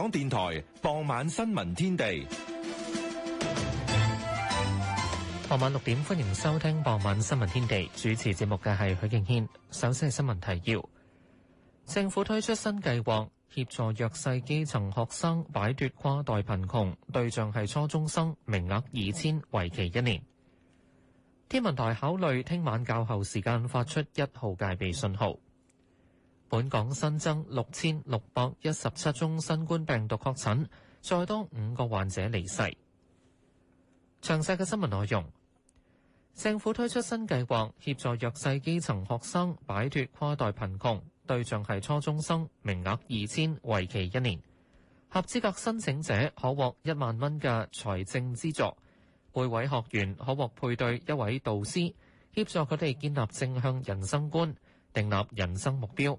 港電台傍晚新聞天地，傍晚六點歡迎收聽傍晚新聞天地。主持節目嘅係許敬軒。首先係新聞提要：政府推出新計劃，協助弱勢基層學生擺脫跨代貧窮，對象係初中生，名額二千，為期一年。天文台考慮聽晚較後時間發出一號戒備信號。本港新增六千六百一十七宗新冠病毒確診，再多五個患者離世。詳細嘅新聞內容。政府推出新計劃，協助弱勢基層學生擺脫跨代貧窮，對象係初中生，名額二千，為期一年。合資格申請者可獲一萬蚊嘅財政資助，每位學員可獲配對一位導師，協助佢哋建立正向人生觀，定立人生目標。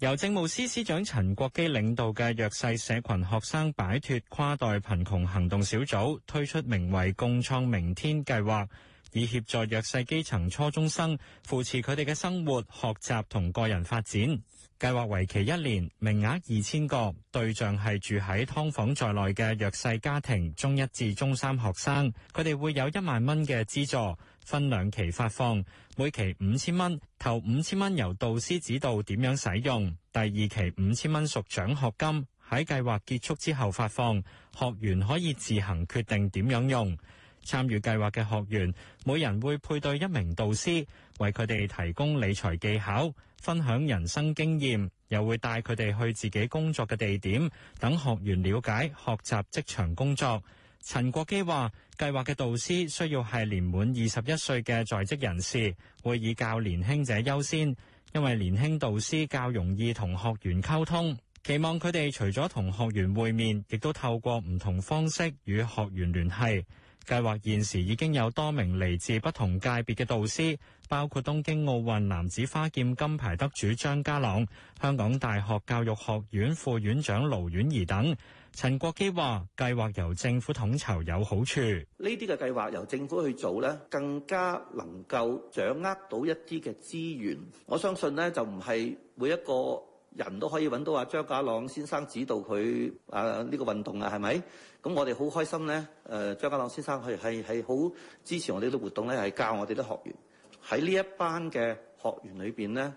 由政務司司長陳國基領導嘅弱勢社群學生擺脫跨代貧窮行動小組推出名為《共創明天》計劃，以協助弱勢基層初中生扶持佢哋嘅生活、學習同個人發展。計劃為期一年，名額二千個，對象係住喺劏房在內嘅弱勢家庭中一至中三學生。佢哋會有一萬蚊嘅資助，分兩期發放，每期五千蚊。頭五千蚊由導師指導點樣使用，第二期五千蚊屬獎學金，喺計劃結束之後發放。學員可以自行決定點樣用。參與計劃嘅學員，每人會配對一名導師，為佢哋提供理財技巧，分享人生經驗，又會帶佢哋去自己工作嘅地點，等學員了解學習職場工作。陳國基話：計劃嘅導師需要係年滿二十一歲嘅在職人士，會以較年輕者優先，因為年輕導師較容易同學員溝通。期望佢哋除咗同學員會面，亦都透過唔同方式與學員聯繫。計劃現時已經有多名嚟自不同界別嘅導師，包括東京奧運男子花劍金牌得主張家朗、香港大學教育學院副院長盧婉儀等。陳國基話：計劃由政府統籌有好處，呢啲嘅計劃由政府去做咧，更加能夠掌握到一啲嘅資源。我相信咧，就唔係每一個人都可以揾到阿張家朗先生指導佢啊呢個運動啊，係咪？咁我哋好開心咧，誒、呃、張家朗先生係係係好支持我哋啲活動咧，係教我哋啲學員。喺呢一班嘅學員裏邊咧，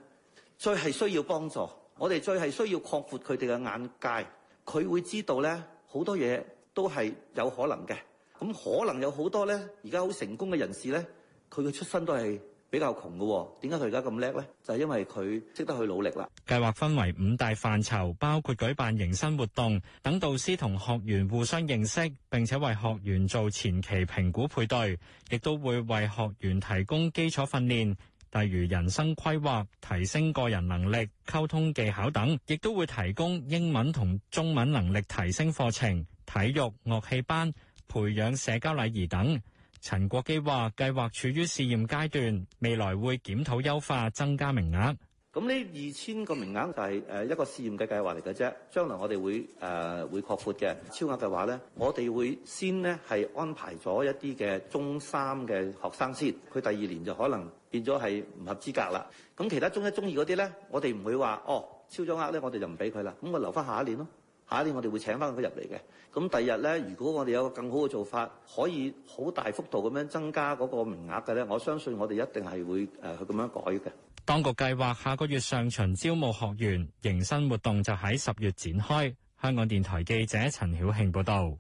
最係需要幫助，我哋最係需要擴闊佢哋嘅眼界。佢會知道咧，好多嘢都係有可能嘅。咁可能有好多咧，而家好成功嘅人士咧，佢嘅出身都係比較窮嘅喎，點解佢而家咁叻呢？就係因為佢識得去努力啦。計劃分為五大範疇，包括舉辦迎新活動，等導師同學員互相認識，並且為學員做前期評估配對，亦都會為學員提供基礎訓練，例如人生規劃、提升個人能力、溝通技巧等，亦都會提供英文同中文能力提升課程、體育樂器班、培養社交禮儀等。陳國基話：計劃處於試驗階段，未來會檢討優化，增加名額。咁呢二千個名額就係誒一個試驗嘅計劃嚟嘅啫，將來我哋會誒、呃、會擴闊嘅。超額嘅話咧，我哋會先咧係安排咗一啲嘅中三嘅學生先，佢第二年就可能變咗係唔合資格啦。咁其他中一、中二嗰啲咧，我哋唔會話哦超咗額咧，我哋就唔俾佢啦。咁我留翻下，下一年咯。下一年我哋會請翻佢入嚟嘅。咁第二日咧，如果我哋有個更好嘅做法，可以好大幅度咁樣增加嗰個名額嘅咧，我相信我哋一定係會誒去咁樣改嘅。當局計劃下個月上旬招募學員，迎新活動就喺十月展開。香港電台記者陳曉慶報導。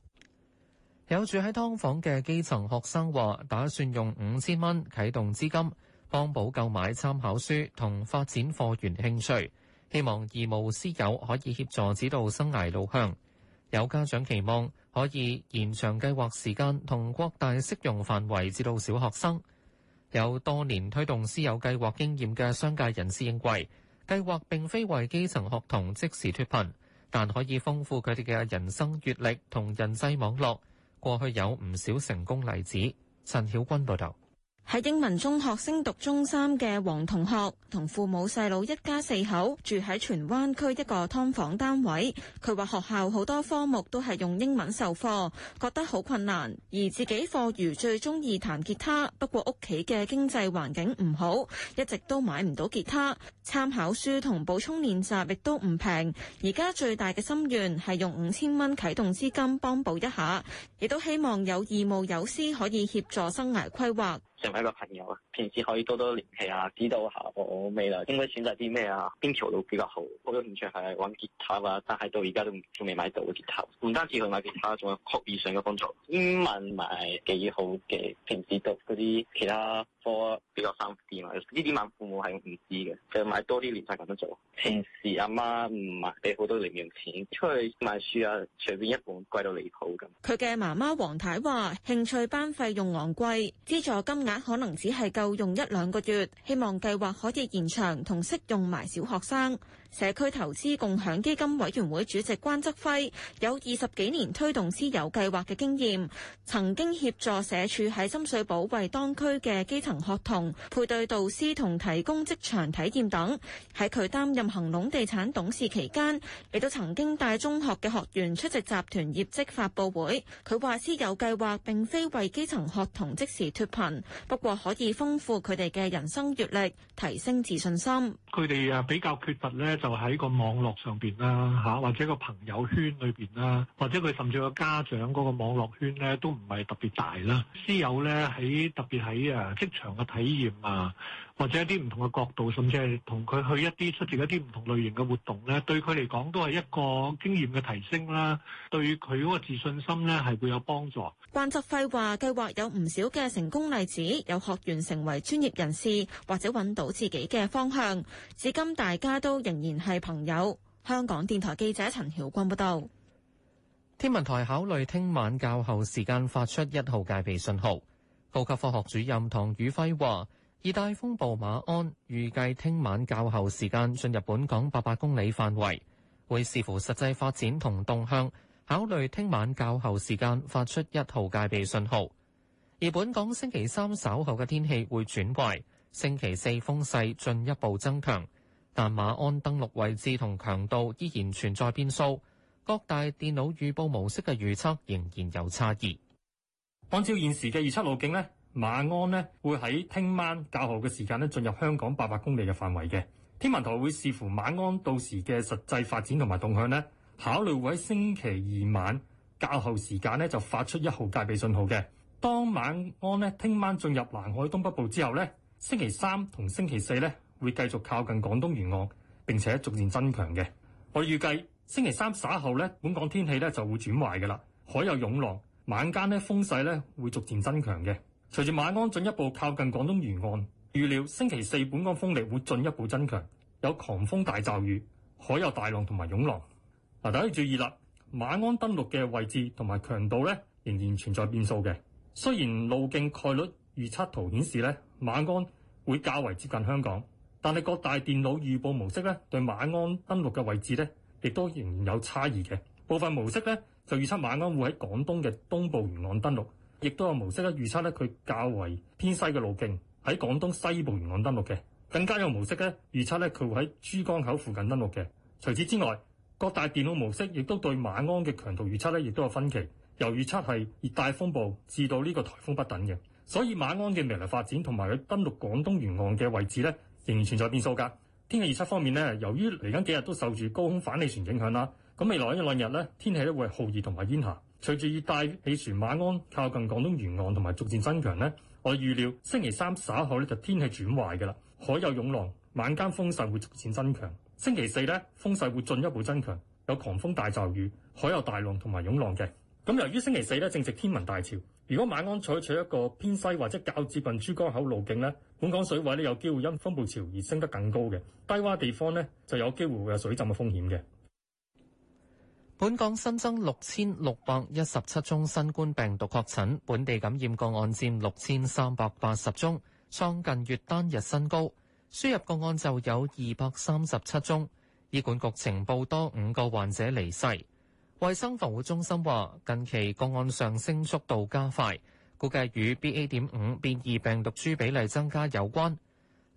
有住喺劏房嘅基層學生話，打算用五千蚊啟動資金，幫補購買參考書同發展課餘興趣。希望義務私有可以協助指導生涯路向，有家長期望可以延長計劃時間，同擴大適用範圍至到小學生。有多年推動私有計劃經驗嘅商界人士認為，計劃並非為基層學童即時脫貧，但可以豐富佢哋嘅人生閲歷同人際網絡。過去有唔少成功例子。陳曉君報道。喺英文中學升讀中三嘅黃同學，同父母細佬一家四口住喺荃灣區一個㓥房單位。佢話學校好多科目都係用英文授課，覺得好困難。而自己課餘最中意彈吉他，不過屋企嘅經濟環境唔好，一直都買唔到吉他。參考書同補充練習亦都唔平。而家最大嘅心願係用五千蚊啟動資金幫補一下，亦都希望有義務友師可以協助生涯規劃。成為一個朋友啊！平時可以多多聯繫啊，指導下我未來應該選擇啲咩啊，邊條路比較好。我好興趣係玩吉他嘅，但係到而家都仲未買到吉他。唔單止佢買吉他，仲有曲語上嘅幫助。英文咪幾好嘅，平時讀嗰啲其他科比較生啲啊。呢啲問父母係唔知嘅，就買多啲練習咁樣做。平時阿媽唔買俾好多零用錢，出去買書啊，隨便一本貴到離譜咁。佢嘅媽媽黃太話：興趣班費用昂貴，資助金額可能只係夠用一兩個月，希望計劃可以延長同適用埋小學生。社區投資共享基金委員會主席關則輝有二十幾年推動私有計劃嘅經驗，曾經協助社署喺深水埗為當區嘅基層學童配對導師同提供職場體驗等。喺佢擔任恒隆地產董事期間，亦都曾經帶中學嘅學員出席集團業績發佈會。佢話私有計劃並非為基層學童即時脫貧，不過可以豐富佢哋嘅人生閲歷，提升自信心。佢哋啊比較缺乏呢。就喺個網絡上邊啦，吓，或者個朋友圈裏邊啦，或者佢甚至個家長嗰個網絡圈咧，都唔係特別大啦。私有咧，喺特別喺誒職場嘅體驗啊，或者一啲唔同嘅角度，甚至係同佢去一啲出席一啲唔同類型嘅活動咧，對佢嚟講都係一個經驗嘅提升啦。對佢嗰個自信心咧，係會有幫助。關澤輝話計劃有唔少嘅成功例子，有學員成為專業人士，或者揾到自己嘅方向。至今大家都仍然係朋友。香港電台記者陳曉君報道。天文台考慮聽晚較後時間發出一號戒備信號。高級科學主任唐宇輝話。熱帶風暴馬鞍預計聽晚較後時間進入本港八百公里範圍，會視乎實際發展同動向，考慮聽晚較後時間發出一號戒備信號。而本港星期三稍後嘅天氣會轉壞，星期四風勢進一步增強，但馬鞍登陸位置同強度依然存在變數。各大電腦預報模式嘅預測仍然有差異。按照現時嘅預測路徑呢？馬鞍咧，會喺聽晚較後嘅時間咧，進入香港八百公里嘅範圍嘅，天文台會視乎馬鞍到時嘅實際發展同埋動向咧，考慮會喺星期二晚較後時間咧，就發出一號戒備信號嘅。當馬鞍咧，聽晚進入南海東北部之後咧，星期三同星期四咧，會繼續靠近廣東沿岸並且逐漸增強嘅。我預計星期三稍後咧，本港天氣咧，就會轉壞㗎喇，海有湧浪，晚間咧，風勢咧，會逐漸增強嘅。隨住馬鞍進一步靠近廣東沿岸，預料星期四本港風力會進一步增強，有狂風大驟雨，海有大浪同埋湧浪。嗱，大家要注意啦，馬鞍登陸嘅位置同埋強度咧，仍然存在變數嘅。雖然路徑概率預測圖顯示咧，馬鞍會較為接近香港，但係各大電腦預報模式咧，對馬鞍登陸嘅位置咧，亦都仍然有差異嘅。部分模式咧，就預測馬鞍會喺廣東嘅東部沿岸登陸。亦都有模式咧，預測咧，佢較為偏西嘅路徑喺廣東西部沿岸登陸嘅，更加有模式咧，預測咧，佢會喺珠江口附近登陸嘅。除此之外，各大電腦模式亦都對馬鞍嘅強度預測咧，亦都有分歧，由預測係熱帶風暴至到呢個颱風不等嘅，所以馬鞍嘅未來發展同埋佢登陸廣東沿岸嘅位置咧，仍然存在變數㗎。天氣預測方面咧，由於嚟緊幾日都受住高空反氣旋影響啦，咁未來一兩日咧，天氣咧，會係酷熱同埋煙霞。隨住熱帶氣旋馬鞍靠近廣東沿岸同埋逐漸增強呢，我預料星期三稍後呢就天氣轉壞嘅啦，海有湧浪，晚間風勢會逐漸增強。星期四呢，風勢會進一步增強，有狂風大驟雨，海有大浪同埋湧浪嘅。咁由於星期四呢，正值天文大潮，如果馬鞍採取一個偏西或者較接近珠江口路徑呢，本港水位呢有機會因風暴潮而升得更高嘅，低窪地方呢就有機會會有水浸嘅風險嘅。本港新增六千六百一十七宗新冠病毒確診，本地感染個案佔六千三百八十宗，創近月單日新高。輸入個案就有二百三十七宗。醫管局情報多五個患者離世。衛生防護中心話，近期個案上升速度加快，估計與 BA 點五變異病毒株比例增加有關。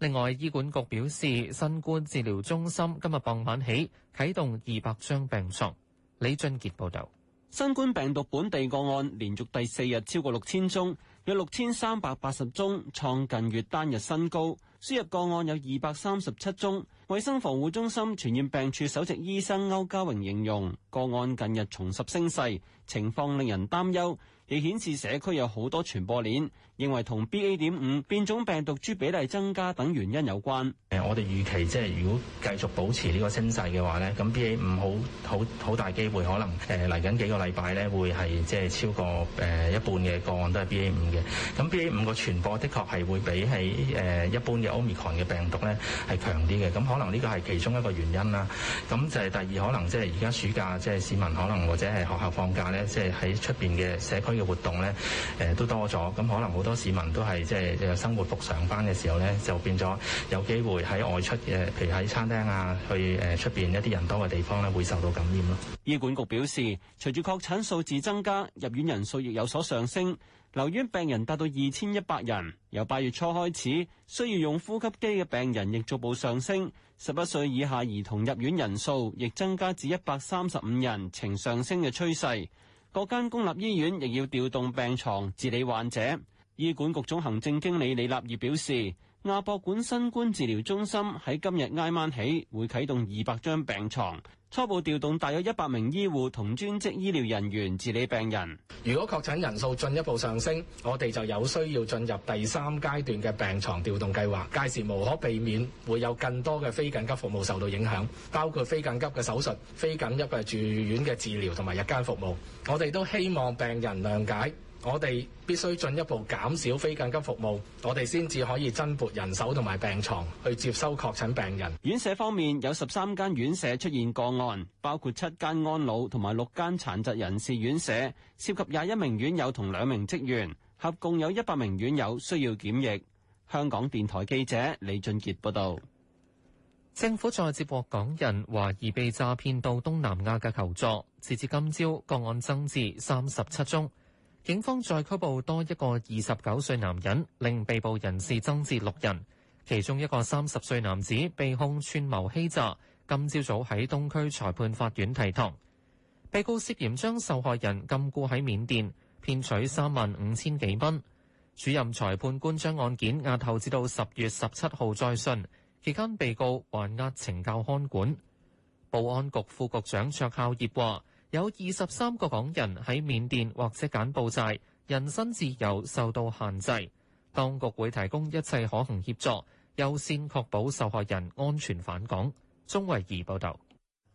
另外，醫管局表示，新冠治療中心今日傍晚起啟動二百張病床。李俊杰報道：新冠病毒本地個案連續第四日超過六千宗，約六千三百八十宗創近月單日新高。輸入個案有二百三十七宗。衛生防護中心傳染病處首席醫生歐家榮形容，個案近日重拾升勢，情況令人擔憂。亦顯示社區有好多傳播鏈，認為同 B A. 點五變種病毒株比例增加等原因有關。誒，我哋預期即係如果繼續保持呢個升勢嘅話咧，咁 B A. 五好好好大機會可能誒嚟緊幾個禮拜咧會係即係超過誒一半嘅個案都係 B A. 五嘅。咁 B A. 五個傳播的確係會比起誒一般嘅 Omicron 嘅病毒咧係強啲嘅。咁可能呢個係其中一個原因啦。咁就係第二，可能即係而家暑假即係、就是、市民可能或者係學校放假咧，即係喺出邊嘅社區。嘅活動咧，誒都多咗，咁可能好多市民都係即係生活服上班嘅時候咧，就變咗有機會喺外出嘅，譬如喺餐廳啊，去誒出邊一啲人多嘅地方咧，會受到感染咯。醫管局表示，隨住確診數字增加，入院人數亦有所上升，留院病人達到二千一百人。由八月初開始，需要用呼吸機嘅病人亦逐步上升。十一歲以下兒童入院人數亦增加至一百三十五人，呈上升嘅趨勢。各間公立醫院亦要調動病床，治理患者。醫管局總行政經理李立業表示。亞博館新冠治療中心喺今日挨晚起會啟動二百張病床，初步調動大約一百名醫護同專職醫療人員治理病人。如果確診人數進一步上升，我哋就有需要進入第三階段嘅病床調動計劃。屆時無可避免會有更多嘅非緊急服務受到影響，包括非緊急嘅手術、非緊急嘅住院嘅治療同埋日間服務。我哋都希望病人諒解。我哋必須進一步減少非緊急服務，我哋先至可以增撥人手同埋病床去接收確診病人。院舍方面有十三間院舍出現個案，包括七間安老同埋六間殘疾人士院舍，涉及廿一名院友同兩名職員，合共有一百名院友需要檢疫。香港電台記者李俊傑報道：「政府再接獲港人懷疑被詐騙到東南亞嘅求助，截至今朝個案增至三十七宗。警方再拘捕多一個二十九歲男人，令被捕人士增至六人。其中一個三十歲男子被控串謀欺詐，今朝早喺東區裁判法院提堂。被告涉嫌將受害人禁錮喺緬甸，騙取三萬五千幾蚊。主任裁判官將案件押後至到十月十七號再訊，期間被告還押懲教看管。保安局副局長卓孝業話。有二十三個港人喺緬甸或者柬埔寨，人身自由受到限制。當局會提供一切可行協助，優先確保受害人安全返港。鍾維儀報導。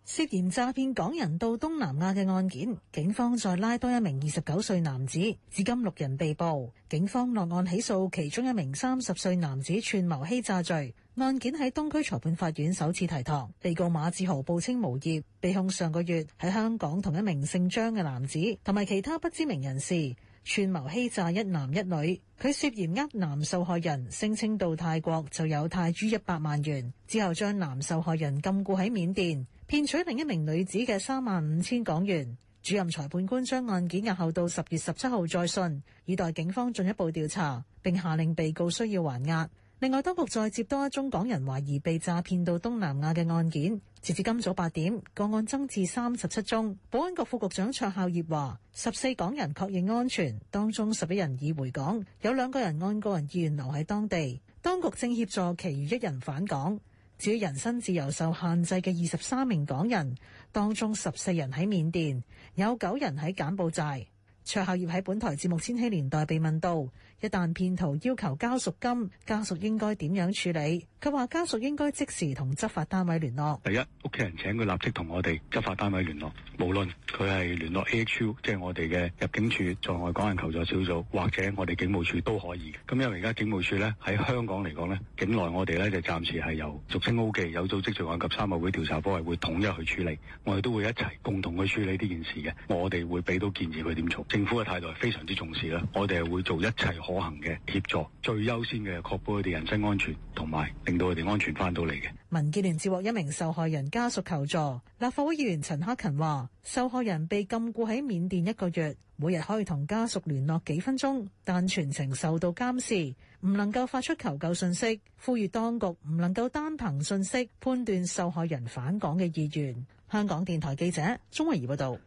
涉嫌詐騙港人到東南亞嘅案件，警方再拉多一名二十九歲男子，至今六人被捕。警方落案起訴其中一名三十歲男子串謀欺詐罪。案件喺東區裁判法院首次提堂，被告馬志豪報稱無業，被控上個月喺香港同一名姓張嘅男子同埋其他不知名人士串謀欺詐一男一女。佢涉嫌呃男受害人，聲稱到泰國就有泰銖一百萬元，之後將男受害人禁錮喺緬甸。騙取另一名女子嘅三萬五千港元。主任裁判官將案件押後到十月十七號再訊，以待警方進一步調查，並下令被告需要還押。另外，當局再接多一宗港人懷疑被詐騙到東南亞嘅案件，截至今早八點，個案增至三十七宗。保安局副局長卓孝業話：十四港人確認安全，當中十一人已回港，有兩個人按個人意願留喺當地，當局正協助其餘一人返港。至於人身自由受限制嘅二十三名港人，當中十四人喺緬甸，有九人喺柬埔寨。卓孝業喺本台節目《千禧年代》被問到，一旦騙徒要求交贖金，家屬應該點樣處理？佢話家屬應該即時同執法單位聯絡。第一，屋企人請佢立即同我哋執法單位聯絡，無論佢係聯絡 A.H.U.，即係我哋嘅入境處在外港人求助小組，或者我哋警務處都可以。咁因為而家警務處呢，喺香港嚟講呢，境內我哋咧就暫時係由俗稱 O 記有組織罪案及三合會調查科係會，會統一去處理，我哋都會一齊共同去處理呢件事嘅。我哋會俾到建議佢點做。政府嘅態度係非常之重視啦，我哋係會做一切可。可行嘅協助，最優先嘅係確保佢哋人身安全，同埋令到佢哋安全翻到嚟嘅。民建聯接獲一名受害人家屬求助，立法會議員陳克勤話，受害人被禁錮喺緬甸一個月，每日可以同家屬聯絡幾分鐘，但全程受到監視，唔能夠發出求救信息，呼籲當局唔能夠單憑信息判斷受害人返港嘅意願。香港電台記者鍾慧儀報道。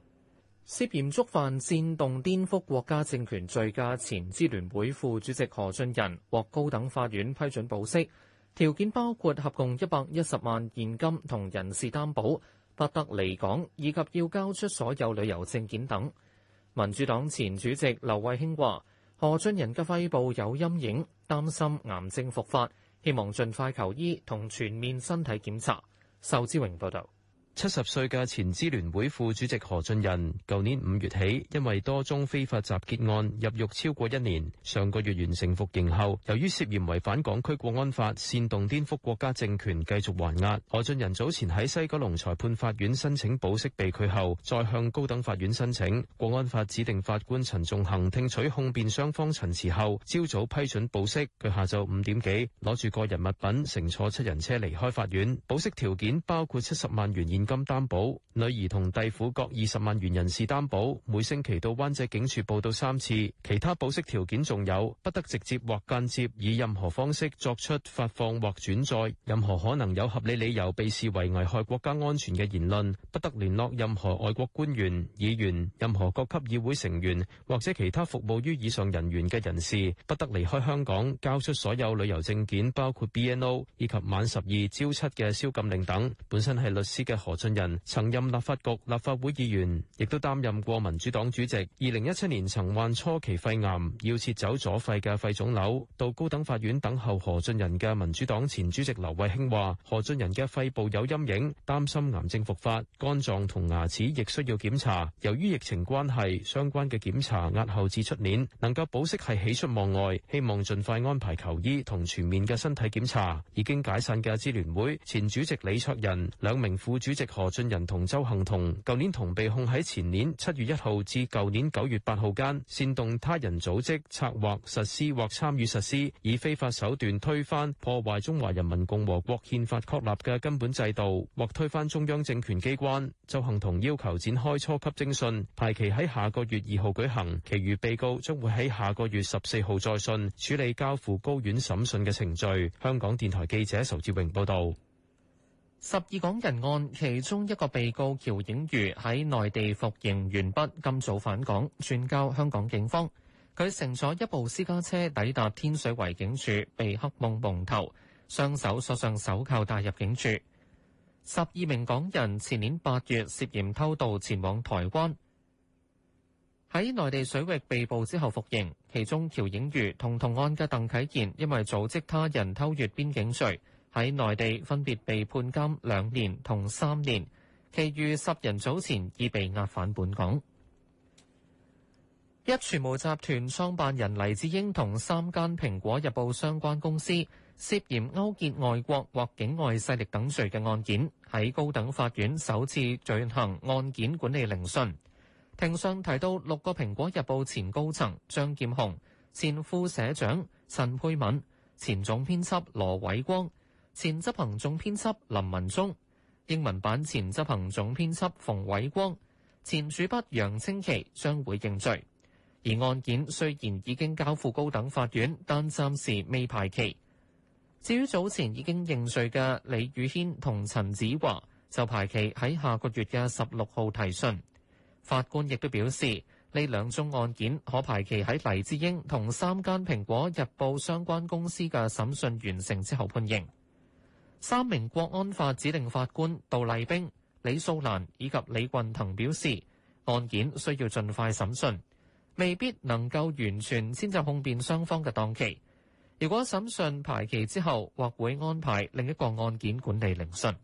涉嫌觸犯煽動顛覆國家政權罪嘅前支聯會副主席何俊仁獲高等法院批准保釋，條件包括合共一百一十萬現金同人事擔保，不得離港，以及要交出所有旅遊證件等。民主黨前主席劉慧卿話：何俊仁嘅肺部有陰影，擔心癌症復發，希望盡快求醫同全面身體檢查。仇志榮報導。七十歲嘅前支聯會副主席何俊仁，舊年五月起因為多宗非法集結案入獄超過一年，上個月完成服刑後，由於涉嫌違反港區國安法、煽動顛覆國家政權，繼續還押。何俊仁早前喺西九龍裁判法院申請保釋被拒後，再向高等法院申請。國安法指定法官陳仲恒聽取控辯雙方陳詞後，朝早批准保釋。佢下晝五點幾攞住個人物品，乘坐七人車離開法院。保釋條件包括七十萬元現金擔保，女兒同弟婦各二十萬元人士擔保，每星期到灣仔警署報到三次。其他保釋條件仲有：不得直接或間接以任何方式作出發放或轉載任何可能有合理理由被視為危害國家安全嘅言論；不得聯絡任何外國官員議員、任何各級議會成員或者其他服務於以上人員嘅人士；不得離開香港，交出所有旅遊證件，包括 BNO 以及晚十二朝七嘅宵禁令等。本身係律師嘅何何俊仁曾任立法局立法會議員，亦都擔任過民主黨主席。二零一七年曾患初期肺癌，要切走左肺嘅肺腫瘤。到高等法院等候何俊仁嘅民主黨前主席劉慧卿話：何俊仁嘅肺部有陰影，擔心癌症復發。肝臟同牙齒亦需要檢查。由於疫情關係，相關嘅檢查押後至出年。能夠保釋係喜出望外，希望盡快安排求醫同全面嘅身體檢查。已經解散嘅支聯會前主席李卓人，兩名副主即何俊仁同鄒幸彤，舊年同被控喺前年七月一號至舊年九月八號間煽動他人組織、策劃、實施或參與實施，以非法手段推翻、破壞中華人民共和國憲法確立嘅根本制度，或推翻中央政權機關。鄒幸彤要求展開初級偵訊，排期喺下個月二號舉行，其餘被告將會喺下個月十四號再訊處理交付高院審訊嘅程序。香港電台記者仇志榮報道。十二港人案，其中一個被告喬映瑜喺內地服刑完畢，今早返港，轉交香港警方。佢乘坐一部私家車抵達天水圍警署，被黑帽蒙頭，雙手索上手銬帶入警署。十二名港人前年八月涉嫌偷渡前往台灣，喺內地水域被捕之後服刑，其中喬映瑜同同案嘅鄧棨然，因為組織他人偷越邊境罪。喺內地分別被判監兩年同三年，其餘十人早前已被押返本港。壹傳媒集團創辦人黎智英同三間《蘋果日報》相關公司涉嫌勾結外國或境外勢力等罪嘅案件，喺高等法院首次進行案件管理聆訊。庭上提到，六個《蘋果日報》前高層張劍虹、前副社長陳佩敏、前總編輯羅偉光、前執行總編輯林文忠、英文版前執行總編輯馮偉光、前主筆楊清奇將會認罪。而案件雖然已經交付高等法院，但暫時未排期。至於早前已經認罪嘅李宇軒同陳梓華，就排期喺下個月嘅十六號提訊。法官亦都表示，呢兩宗案件可排期喺黎智英同三間《蘋果日報》相關公司嘅審訊完成之後判刑。三名國安法指定法官杜麗冰、李素蘭以及李運騰表示，案件需要盡快審訊，未必能夠完全遷就控辯雙方嘅檔期。如果審訊排期之後，或會安排另一個案件管理聆訊。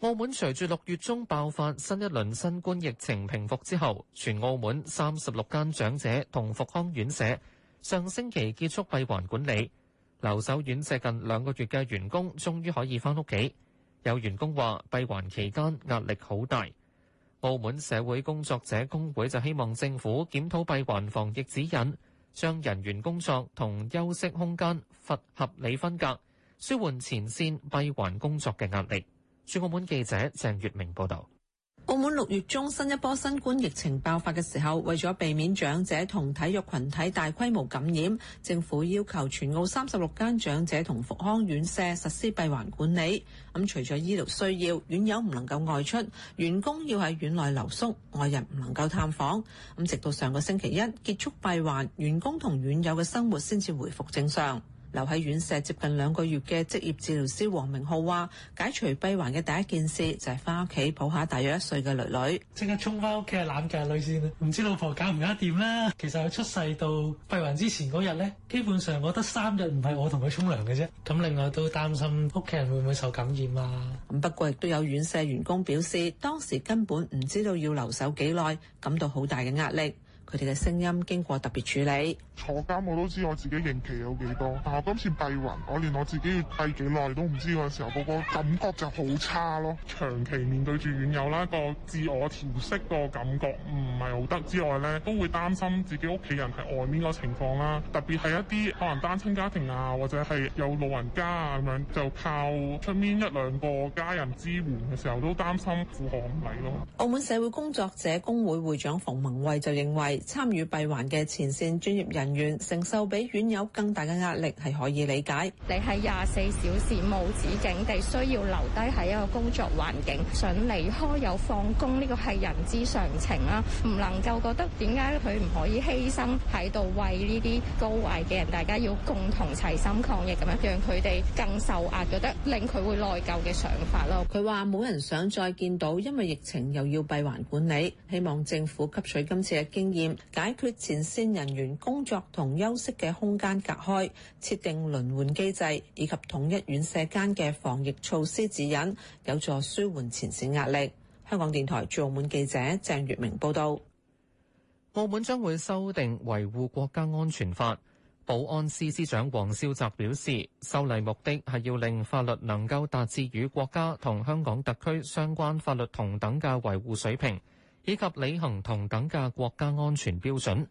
澳門隨住六月中爆發新一輪新冠疫情平復之後，全澳門三十六間長者同復康院舍上星期結束閉環管理。留守院舍近兩個月嘅員工，終於可以翻屋企。有員工話閉環期間壓力好大。澳門社會工作者工會就希望政府檢討閉環防疫指引，將人員工作同休息空間罰合理分隔，舒緩前線閉環工作嘅壓力。駐澳門記者鄭月明報道。澳門六月中新一波新冠疫情爆發嘅時候，為咗避免長者同體育群體大規模感染，政府要求全澳三十六間長者同復康院舍實施閉環管理。咁、嗯、除咗醫療需要，院友唔能夠外出，員工要喺院內留宿，外人唔能夠探訪。咁、嗯、直到上個星期一結束閉環，員工同院友嘅生活先至回復正常。留喺院舍接近兩個月嘅職業治療師黃明浩話：解除閉環嘅第一件事就係翻屋企抱下大約一歲嘅女女，即刻沖翻屋企攬架女先，唔知老婆搞唔搞得掂啦？其實佢出世到閉環之前嗰日咧，基本上我得三日唔係我同佢沖涼嘅啫。咁另外都擔心屋企人會唔會受感染啊？咁不過亦都有院舍員工表示，當時根本唔知道要留守幾耐，感到好大嘅壓力。佢哋嘅聲音經過特別處理。坐監我都知我自己刑期有幾多，但我今次閉環，我連我自己要閉幾耐都唔知嘅時候，個、嗰個感覺就好差咯。長期面對住院友啦，嗰個自我調適個感覺唔係好得之外呢，都會擔心自己屋企人喺外面個情況啦。特別係一啲可能單親家庭啊，或者係有老人家啊咁樣，就靠出面一兩個家人支援嘅時候，都擔心負荷唔嚟咯。澳門社會工作者工會會會長馮文慧就認為，參與閉環嘅前線專業人。承受比院友更大嘅壓力係可以理解。你係廿四小時冇止境地需要留低喺一個工作環境，想離開又放工，呢個係人之常情啦。唔能夠覺得點解佢唔可以犧牲喺度為呢啲高危嘅人，大家要共同齊心抗疫咁樣，讓佢哋更受壓，覺得令佢會內疚嘅想法咯。佢話冇人想再見到，因為疫情又要閉環管理，希望政府吸取今次嘅經驗，解決前線人員工作。同休息嘅空間隔開，設定輪換機制，以及統一院舍間嘅防疫措施指引，有助舒緩前線壓力。香港電台駐澳門記者鄭月明報道。澳門將會修訂《維護國家安全法》，保安司司長黃少澤表示，修例目的係要令法律能夠達至與國家同香港特區相關法律同等嘅維護水平，以及履行同等嘅國家安全標準。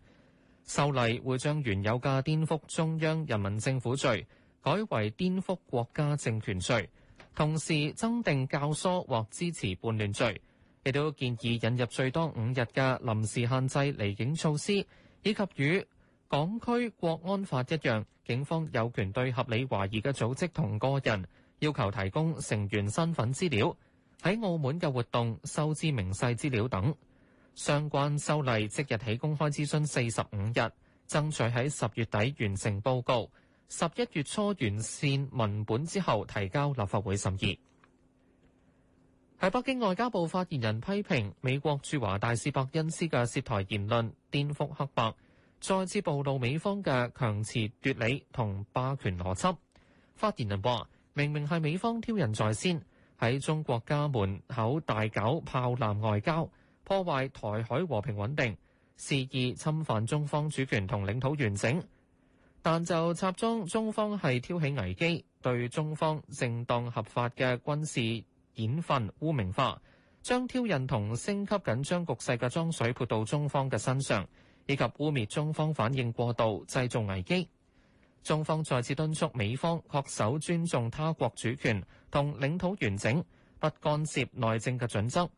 修例會將原有嘅顛覆中央人民政府罪改為顛覆國家政權罪，同時增訂教唆或支持叛亂罪，亦都建議引入最多五日嘅臨時限制離境措施，以及與港區國安法一樣，警方有權對合理懷疑嘅組織同個人要求提供成員身份資料、喺澳門嘅活動收支明細資料等。相關修例即日起公開諮詢四十五日，爭取喺十月底完成報告，十一月初完善文本之後提交立法會審議。喺北京外交部發言人批評美國駐華大使伯恩斯嘅涉台言論顛覆黑白，再次暴露美方嘅強詞奪理同霸權邏輯。發言人話：明明係美方挑釁在先，喺中國家門口大搞炮艦外交。破壞台海和平穩定，肆意侵犯中方主權同領土完整。但就插中，中方係挑起危機，對中方正當合法嘅軍事演訓污名化，將挑釁同升級緊張局勢嘅髒水潑到中方嘅身上，以及污蔑中方反應過度，製造危機。中方再次敦促美方恪守尊重他國主權同領土完整、不干涉內政嘅準則。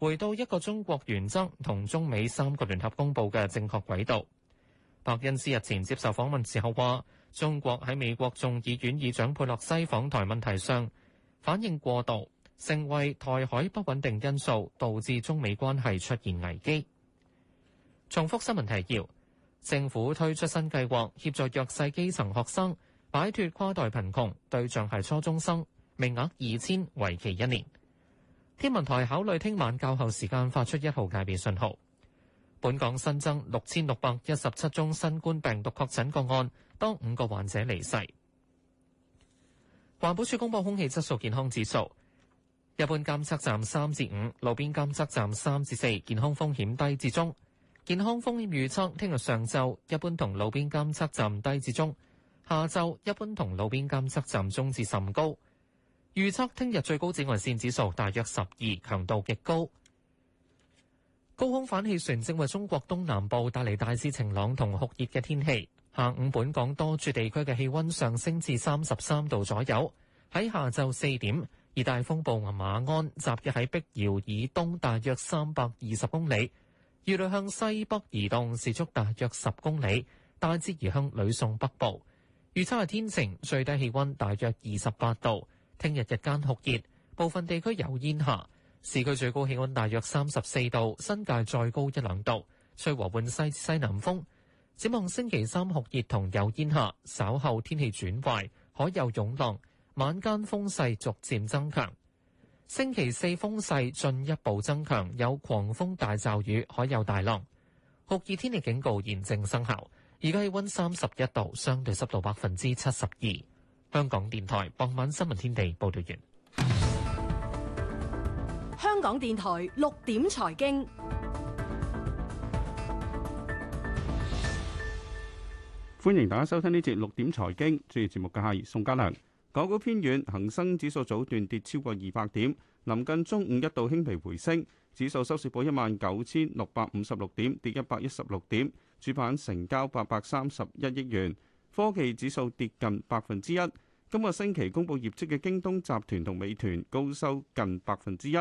回到一個中國原則同中美三個聯合公布嘅正確軌道。白恩斯日前接受訪問時候話，中國喺美國眾議院議長佩洛西訪台問題上反應過度，成為台海不穩定因素，導致中美關係出現危機。重複新聞提要：政府推出新計劃協助弱勢基層學生擺脫跨代貧窮，對象係初中生，名額二千，為期一年。天文台考慮聽晚較後時間發出一號戒備信號。本港新增六千六百一十七宗新冠病毒確診個案，當五個患者離世。環保署公布空氣質素健康指數，一般監測站三至五，路邊監測站三至四，健康風險低至中。健康風險預測，聽日上晝一般同路邊監測站低至中，下晝一般同路邊監測站中至甚高。預測聽日最高紫外線指數大約十二，強度極高。高空反氣旋正為中國東南部帶嚟大致晴朗同酷熱嘅天氣。下午本港多處地區嘅氣溫上升至三十三度左右。喺下晝四點，熱帶風暴馬鞍集結喺碧瑤以東大約三百二十公里，預料向西北移動，時速大約十公里，大致移向呂宋北部。預測係天晴，最低氣溫大約二十八度。聽日日間酷熱，部分地區有煙霞。市區最高氣溫大約三十四度，新界再高一兩度，吹和緩西西南風。展望星期三酷熱同有煙霞，稍後天氣轉壞，海有湧浪。晚間風勢逐漸增強，星期四風勢進一步增強，有狂風大驟雨，海有大浪。酷熱天氣警告現正生效。而家氣溫三十一度，相對濕度百分之七十二。香港電台傍晚新聞天地報道完。香港電台六點財經，歡迎大家收聽呢節六點財經。主持節目嘅係宋家良。港股偏軟，恒生指數早段跌超過二百點，臨近中午一度輕微回升，指數收市報一萬九千六百五十六點，跌一百一十六點，主板成交八百三十一億元。科技指數跌近百分之一。今個星期公佈業績嘅京東集團同美團高收近百分之一。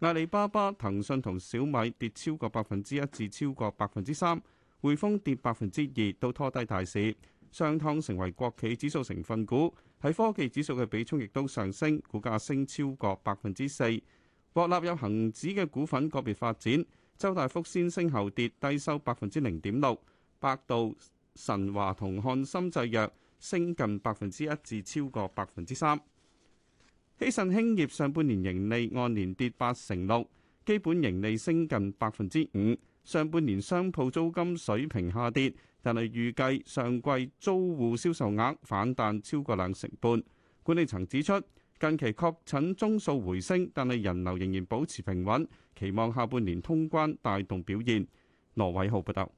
阿里巴巴、騰訊同小米跌超過百分之一至超過百分之三。匯豐跌百分之二，都拖低大市。商湯成為國企指數成分股，喺科技指數嘅比重亦都上升，股價升超過百分之四。獲納入恒指嘅股份個別發展，周大福先升後跌，低收百分之零點六。百度、神華同漢森製藥升近百分之一至超過百分之三。希慎興業上半年盈利按年跌八成六，基本盈利升近百分之五。上半年商鋪租金水平下跌，但係預計上季租戶銷售額反彈超過兩成半。管理層指出，近期確診宗數回升，但係人流仍然保持平穩，期望下半年通關帶動表現。羅偉浩報道。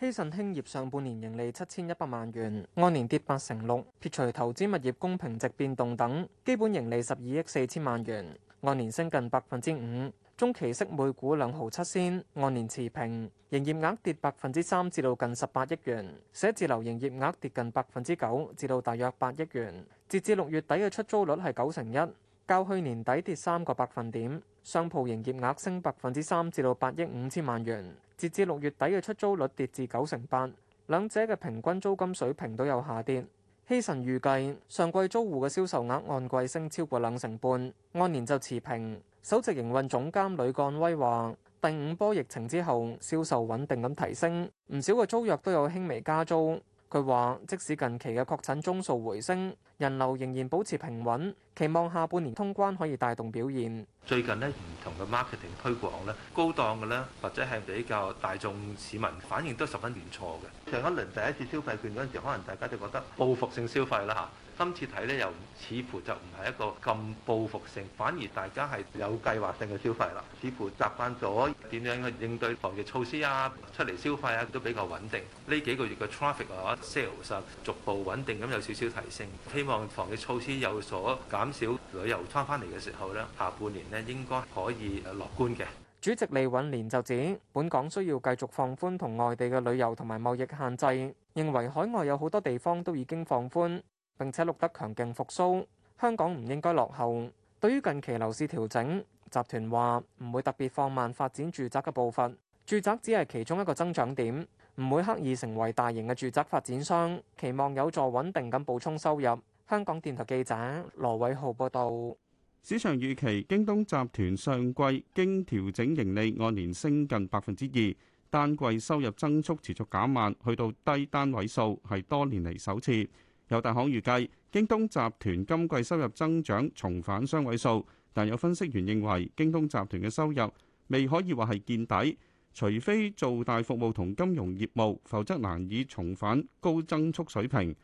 希慎興業上半年盈利七千一百萬元，按年跌八成六，撇除投資物業公平值變動等，基本盈利十二億四千萬元，按年升近百分之五。中期息每股兩毫七仙，按年持平。營業額跌百分之三，至到近十八億元。寫字樓營業額跌近百分之九，至到大約八億元。截至六月底嘅出租率係九成一。較去年底跌三個百分點，商鋪營業額升百分之三，至到八億五千萬元。截至六月底嘅出租率跌至九成八，兩者嘅平均租金水平都有下跌。希慎預計上季租戶嘅銷售額按季升超過兩成半，按年就持平。首席營運總監呂幹威話：第五波疫情之後，銷售穩定咁提升，唔少嘅租約都有輕微加租。佢話：即使近期嘅確診宗數回升，人流仍然保持平穩，期望下半年通關可以帶動表現。最近呢，唔同嘅 marketing 推廣咧，高檔嘅咧或者係比較大眾市民反應都十分唔錯嘅。上一輪第一次消費券嗰陣時，可能大家都覺得報復性消費啦嚇。今次睇咧，又似乎就唔係一個咁報復性，反而大家係有計劃性嘅消費啦。似乎習慣咗點樣去應對防疫措施啊，出嚟消費啊，都比較穩定。呢幾個月嘅 traffic 或 sales 逐步穩定咁，有少少提升。希望防疫措施有所減少，旅遊翻翻嚟嘅時候呢，下半年呢應該可以樂觀嘅。主席李韻蓮就指，本港需要繼續放寬同外地嘅旅遊同埋貿易限制，認為海外有好多地方都已經放寬，並且錄得強勁復甦，香港唔應該落後。對於近期樓市調整，集團話唔會特別放慢發展住宅嘅步伐，住宅只係其中一個增長點，唔會刻意成為大型嘅住宅發展商。期望有助穩定咁補充收入。香港電台記者羅偉浩報道。市場預期，京東集團上季經調整盈利按年升近百分之二，單季收入增速持續減慢，去到低單位數，係多年嚟首次。有大行預計，京東集團今季收入增長重返雙位數，但有分析員認為，京東集團嘅收入未可以話係見底，除非做大服務同金融業務，否則難以重返高增速水平。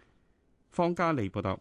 方嘉利報道。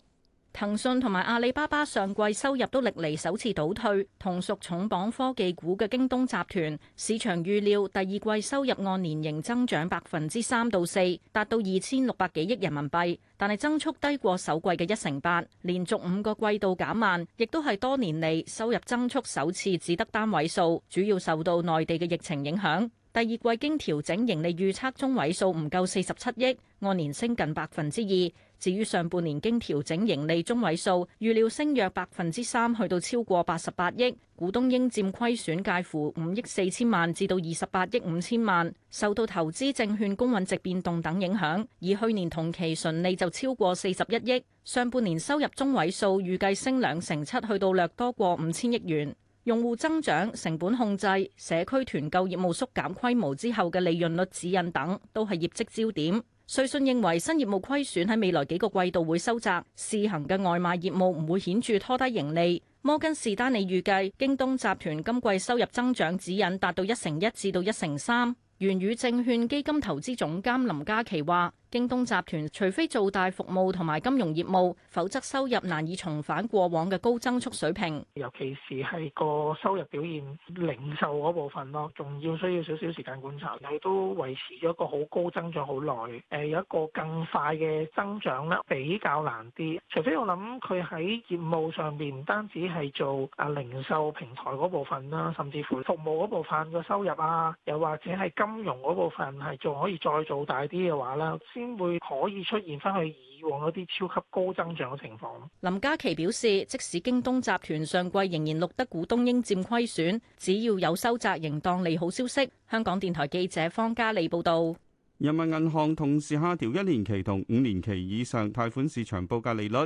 騰訊同埋阿里巴巴上季收入都歷嚟，首次倒退，同屬重磅科技股嘅京東集團，市場預料第二季收入按年仍增長百分之三到四，達到二千六百幾億人民幣，但係增速低過首季嘅一成八，連續五個季度減慢，亦都係多年嚟收入增速首次只得單位數，主要受到內地嘅疫情影響。第二季經調整盈利預測中位數唔夠四十七億，按年升近百分之二。至於上半年經調整盈利中位數預料升約百分之三，去到超過八十八億，股東應佔虧損介乎五億四千萬至到二十八億五千萬，受到投資證券公允值變動等影響，而去年同期純利就超過四十一億，上半年收入中位數預計升兩成七，去到略多過五千億元。用戶增長、成本控制、社區團購業務縮減規模之後嘅利潤率指引等，都係業績焦點。瑞信認為新業務虧損喺未來幾個季度會收窄，試行嘅外賣業務唔會顯著拖低盈利。摩根士丹利預計京東集團今季收入增長指引達到一成一至到一成三。源宇證券基金投資總監林嘉琪話。京東集團除非做大服務同埋金融業務，否則收入難以重返過往嘅高增速水平。尤其是係個收入表現，零售嗰部分咯，仲要需要少少時間觀察。佢都維持咗個好高增長好耐。誒，有一個更快嘅增長啦，比較難啲。除非我諗佢喺業務上面唔單止係做啊零售平台嗰部分啦，甚至乎服務嗰部分嘅收入啊，又或者係金融嗰部分係仲可以再做大啲嘅話啦。會可以出現翻去以往嗰啲超級高增長嘅情況。林嘉琪表示，即使京東集團上季仍然錄得股東應佔虧損，只要有收窄仍當利好消息。香港電台記者方嘉利報導。人民銀行同時下調一年期同五年期以上貸款市場報價利率。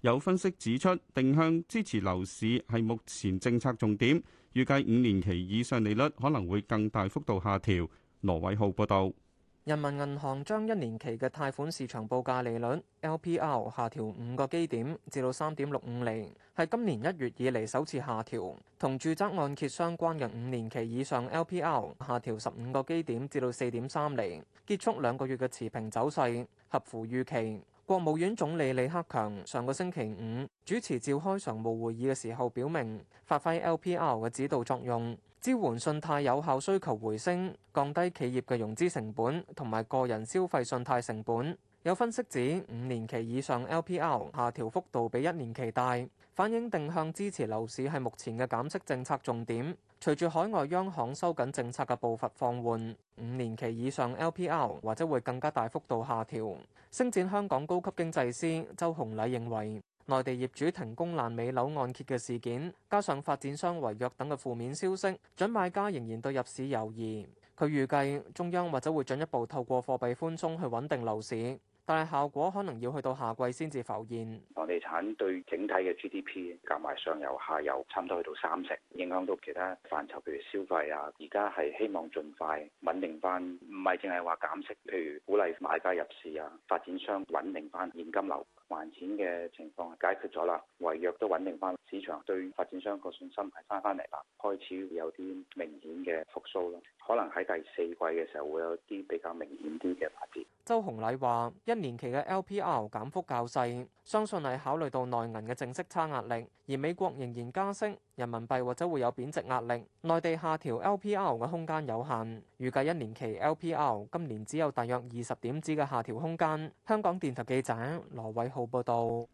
有分析指出，定向支持樓市係目前政策重點，預計五年期以上利率可能會更大幅度下調。羅偉浩報導。人民銀行將一年期嘅貸款市場報價利率 LPR 下調五個基點，至到三點六五厘，係今年一月以嚟首次下調。同住宅按揭相關嘅五年期以上 LPR 下調十五個基點，至到四點三厘。結束兩個月嘅持平走勢，合乎預期。國務院總理李克強上個星期五主持召開常務會議嘅時候，表明發揮 LPR 嘅指導作用。支援信貸有效需求回升，降低企業嘅融資成本同埋個人消費信貸成本。有分析指，五年期以上 LPR 下調幅度比一年期大，反映定向支持樓市係目前嘅減息政策重點。隨住海外央行收緊政策嘅步伐放緩，五年期以上 LPR 或者會更加大幅度下調。升展香港高級經濟師周紅禮認為。內地業主停工爛尾樓按揭嘅事件，加上發展商違約等嘅負面消息，準買家仍然對入市猶疑。佢預計中央或者會進一步透過貨幣寬鬆去穩定樓市，但係效果可能要去到下季先至浮現。房地產對整體嘅 GDP 夾埋上游下游差唔多去到三成，影響到其他範疇，譬如消費啊。而家係希望盡快穩定翻，唔係淨係話減息，譬如鼓勵買家入市啊，發展商穩定翻現金流。還錢嘅情況解決咗啦，違約都穩定翻，市場對發展商個信心係翻翻嚟啦，開始會有啲明顯嘅復甦咯，可能喺第四季嘅時候會有啲比較明顯啲嘅發展。周洪禮話：一年期嘅 LPR 減幅較細，相信係考慮到內銀嘅淨息差壓力，而美國仍然加息，人民幣或者會有貶值壓力，內地下調 LPR 嘅空間有限，預計一年期 LPR 今年只有大約二十點子嘅下調空間。香港電台記者羅偉浩。報道：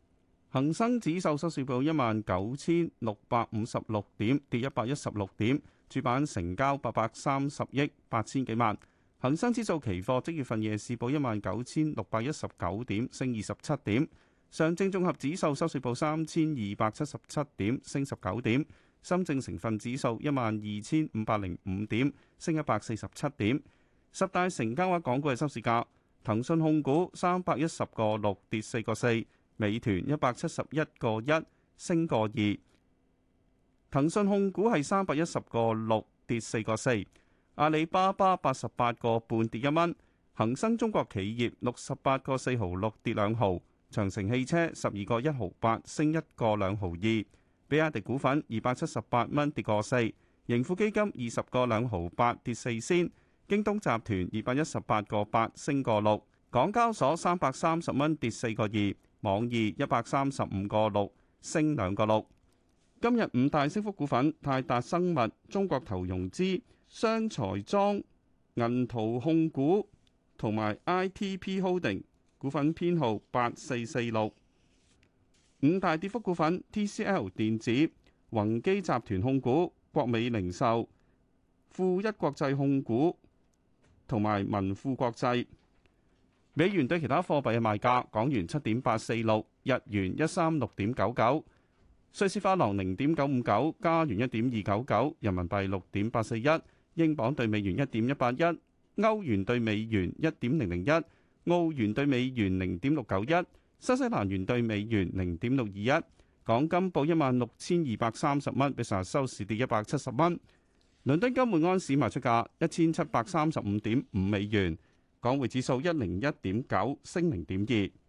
恒生指數收市報一萬九千六百五十六點，跌一百一十六點。主板成交八百三十億八千幾萬。恒生指數期貨即月份夜市報一萬九千六百一十九點，升二十七點。上證綜合指數收市報三千二百七十七點，升十九點。深證成分指數一萬二千五百零五點，升一百四十七點。十大成交額港股嘅收市價。騰訊控股三百一十個六跌四個四，美團一百七十一個一升個二。騰訊控股係三百一十個六跌四個四，阿里巴巴八十八個半跌一蚊，恒生中國企業六十八個四毫六跌兩毫，長城汽車十二個一毫八升一個兩毫二，比亞迪股份二百七十八蚊跌個四，盈富基金二十個兩毫八跌四仙。京東集團二百一十八個八升個六，港交所三百三十蚊跌四個二，網易一百三十五個六升兩個六。今日五大升幅股份：泰達生物、中國投融資、雙財莊、銀圖控股同埋 ITP Holding 股份編號八四四六。五大跌幅股份：TCL 電子、宏基集團控股、國美零售、富一國際控股。同埋民富國際，美元對其他貨幣嘅賣價，港元七點八四六，日元一三六點九九，瑞士法郎零點九五九，加元一點二九九，人民幣六點八四一，英鎊對美元一點一八一，歐元對美元一點零零一，澳元對美元零點六九一，新西蘭元對美元零點六二一。港金報一萬六千二百三十蚊，比上日收市跌一百七十蚊。倫敦金每安士賣出價一千七百三十五點五美元，港匯指數一零一點九，升零點二。